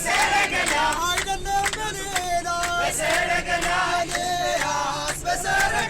በሰረገላ አይደለም በሌላ በሰረገላ በሰረገላ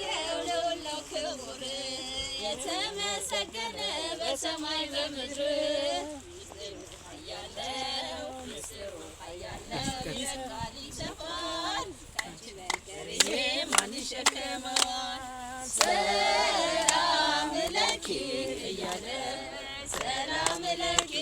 ያደረገው ለሁላው ክቡር የተመሰገነ በሰማይ በምድር ያለው ምስሩ ያለው የቃል ይሰፋል ከአንቺ ሰላም ለኪ እያለ ሰላም ለኪ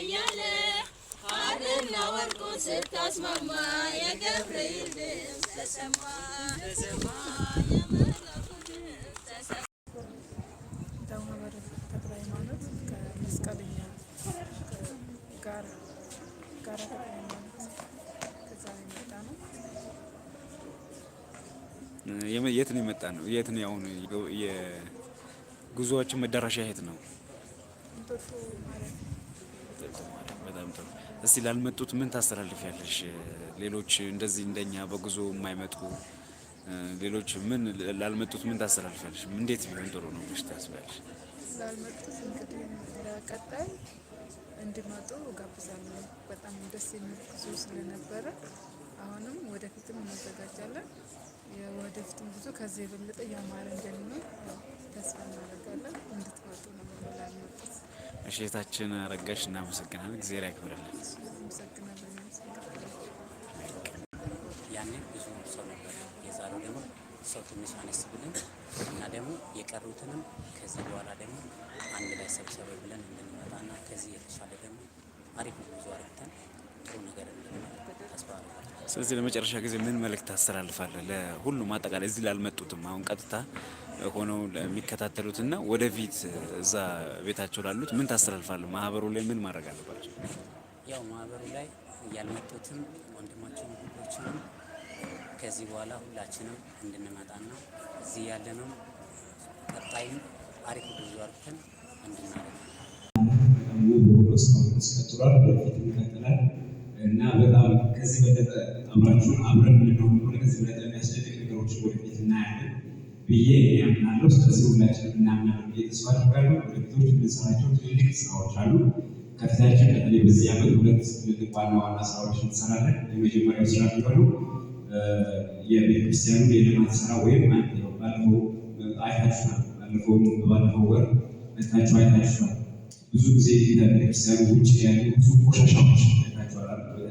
እያለ ሐርና ወርቁን ስታስማማ የገብርኤል ድምፅ ተሰማ የት ነው የመጣ ነው? የት ነው አሁን የጉዞዎችን መዳረሻ የት ነው? በጣም ጥሩ። እስቲ ላልመጡት ምን ታስተላልፊያለሽ? ሌሎች እንደዚህ እንደኛ በጉዞ የማይመጡ ሌሎች ምን ላልመጡት ምን ታስተላልፊያለሽ? እንዴት ቢሆን ጥሩ ነው ብለሽ ታስቢያለሽ? ላልመጡት እንግዲህ ለቀጣይ እንዲመጡ ጋብዛለሁ። በጣም ደስ የሚል ጉዞ ስለነበረ አሁንም ወደፊትም እንዘጋጃለን። የወደፊትም ብዙ ከዚህ የበለጠ እያማረ እንደሚሆን ተስፋ እናደርጋለን። እንድትመጡ ነው ላልመጡት እሽታችን ረጋሽ እናመሰግናለን። እግዚአብሔር ያክብርልን። አመሰግናለን። ያኔ ብዙ ሰው ነበር። የዛሬው ደግሞ ሰው ትንሽ አነስ ብለን እና ደግሞ የቀሩትንም ከዚህ በኋላ ደግሞ አንድ ላይ ሰብሰበ ብለን እንድንመጣ እና ከዚህ የተሻለ ደግሞ አሪፍ ብዙ አርግተን ጥሩ ነገር እንድንመጣ ተስፋ ስለዚህ ለመጨረሻ ጊዜ ምን መልእክት ታስተላልፋለህ ለሁሉም አጠቃላይ እዚህ ላልመጡትም አሁን ቀጥታ ሆነው የሚከታተሉትና ወደፊት እዛ ቤታቸው ላሉት ምን ታስተላልፋለ ማህበሩ ላይ ምን ማድረግ አለባቸው? ያው ማህበሩ ላይ ያልመጡትም ወንድማችን ሁሎችንም ከዚህ በኋላ ሁላችንም ና እዚህ ያለንም ቀጣይም አሪፍ ብዙ አርግተን እንድናደርግ እና በጣም ከዚህ በለጠ አብራችሁን አብረን ምንድነው ሆነ ከዚህ በለጠ የሚያስጨንቅ ነገሮች ወደፊት እናያለን ብዬ ያምናለሁ። ስለዚህ ሁላችን እናምናለን ብዬ ተስፋ አድርጋለሁ። ወደፊቶች የምንሰራቸው ትልልቅ ስራዎች አሉ ከፊታችን። በተለይ በዚህ ዓመት ሁለት ትልልቅ ዋና ዋና ስራዎች እንሰራለን። የመጀመሪያው ስራ የሚሆነው የቤተክርስቲያኑ የልማት ስራ ወይም ባለፈው አይታችኋል። ባለፈው ባለፈው ወር መታችሁ አይታችኋል። ብዙ ጊዜ ከቤተክርስቲያኑ ውጭ ያሉ ብዙ ቆሻሻዎች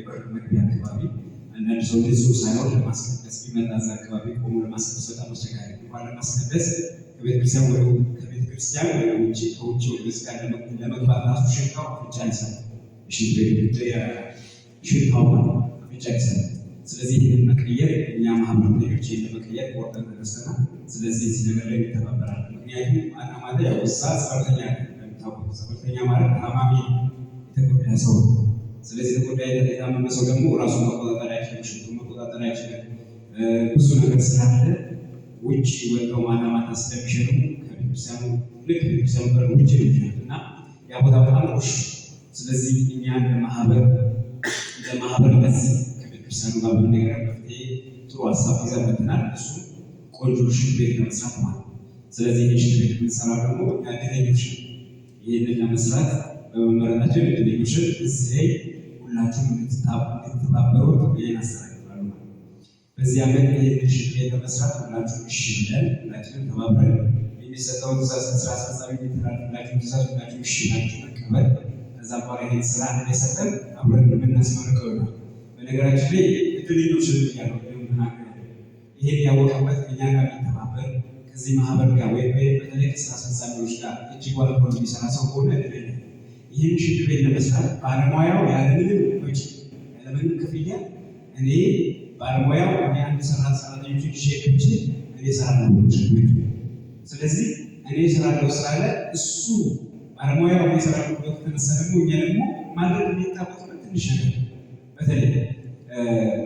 የበር መግቢያ አካባቢ አንዳንድ ሰው ንጹህ ሳይሆን ለማስቀደስ ቢመጣ እዛ አካባቢ ቆሞ ለማስቀደስ በጣም አስቸጋሪ እንኳን ለማስቀደስ ከቤተክርስቲያን ወደ ከቤተክርስቲያን ወደ ውጭ ከውጭ ወደ ቤተክርስቲያን ለመግባት ራሱ ሽታው አፍንጫ ይሰራል። ሽታው አፍንጫ ይሰራል። ስለዚህ ይህንን መቀየር እኛ ማህበር ልጆች ይህን ለመቀየር ቆርጠን ተነስተናል። ስለዚህ እዚህ ነገር ላይ ይተባበራል። ምክንያቱም አናማለ ያው እዛ ሰራተኛ እንደምታውቁ ሰራተኛ ማለት ታማሚ የተጎዳ ሰው ነው ስለዚህ ተጎዳይ የታመመ ሰው ደግሞ ራሱን መቆጣጠር አይችልም፣ ሽንቱን መቆጣጠር አይችልም። ብዙ ነገር ስላለ ውጭ ወጥተው ማታ ማታ ስለሚሸጡ ከቤተክርስቲያኑ ልክ ቤተክርስቲያኑ በር ውጭ የሚሸጡ እና ያ ቦታ በጣም ቁሽ። ስለዚህ እኛ እንደ ማህበር እንደ ከቤተክርስቲያኑ ጋር ብንነገር መፍትሄ ጥሩ ሀሳብ ይዘን እሱ ቆንጆ ሽንት ቤት ለመስራት ማለት ነው። ስለዚህ ይህ ቤት የምንሰራ ደግሞ እኛ ይህንን ለመስራት በመመረጣቸው ድነኞችን እዚህ ሁላችሁም እንድትተባበሩት ብዬ አስተላልፋለሁ። በዚህ ዓመት ይህን ሽሬ ለመስራት ሁላችሁም እሺ ብለን ሁላችንም ተባብረን የሚሰጠውን ትእዛዝ ስራ አስፈጻሚ የተላላችሁ ትእዛዝ ሁላችሁም እሺ ናችሁ መቀበል ከዛ በኋላ ይህን ስራ እንደሰጠን አብረን የምናስመርቀው ነው። በነገራችን ላይ እድልኞች ያለው ምናገር ይሄን ያወቀበት እኛ ጋር የሚተባበር ከዚህ ማህበር ጋር ወይም በተለይ ከስራ አስፈጻሚዎች ጋር እጅግ ዋልኮ የሚሰራ ሰው ከሆነ እድለኛ ይህን ሽንት ቤት ለመስራት ባለሙያው ያለምንም ወጪ ያለምንም ክፍያ እኔ ባለሙያው እኔ አንድ ሰራት ሰራተኞችን ሼቶች እኔ ሰራለሁ ሽንት ቤቱ። ስለዚህ እኔ ሰራለሁ ስላለ እሱ ባለሙያው እኔ ሰራለሁ ተነሳ ደግሞ እኛ ደግሞ ማድረግ የሚጣበቅበት በትንሽ ነገር በተለይ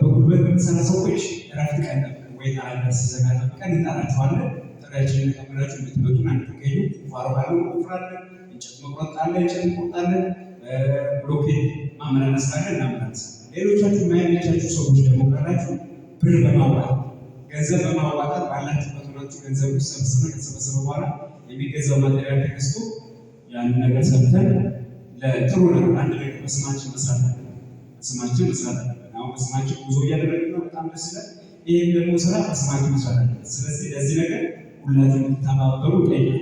በጉልበት የምንሰራ ሰዎች እረፍት ቀን ወይ አለስ ዘጋ ጠብቀን እንጣራቸዋለን። ጥሪያችንን ተቀብላችሁ እንድትመጡን አንድ ተገኙ ፋሮ ባለ ፍራለን እንጨት መቁረጥ አለ፣ እንጨት እንቆርጣለን። ብሎኬት ማመላለስ ካለ እናመላለሳለን። ሌሎቻችሁ የማይመቻችሁ ሰዎች ደግሞ ካላችሁ ብር በማዋጣት ገንዘብ በማዋጣት ባላችሁበት ሆናችሁ ገንዘብ ሰብስበ ከተሰበሰበ በኋላ የሚገዛው ማቴሪያል ተገዝቶ ያንን ነገር ሰብተን ለጥሩ ነገር አንድ ነገር በስማችን መስራት አለብን። በስማችን መስራት አለብን። አሁን በስማችን ጉዞ እያደረግን ነው። በጣም ደስ ይላል። ይህም ደግሞ ስራ በስማችን መስራት አለብን። ስለዚህ ለዚህ ነገር ሁላችሁም ተባበሩ ጠይቃል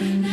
night.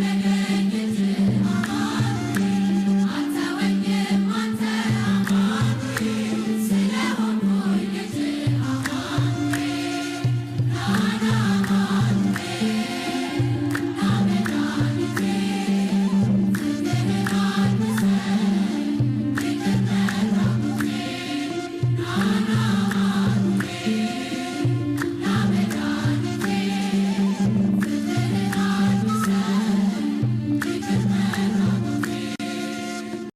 Amen.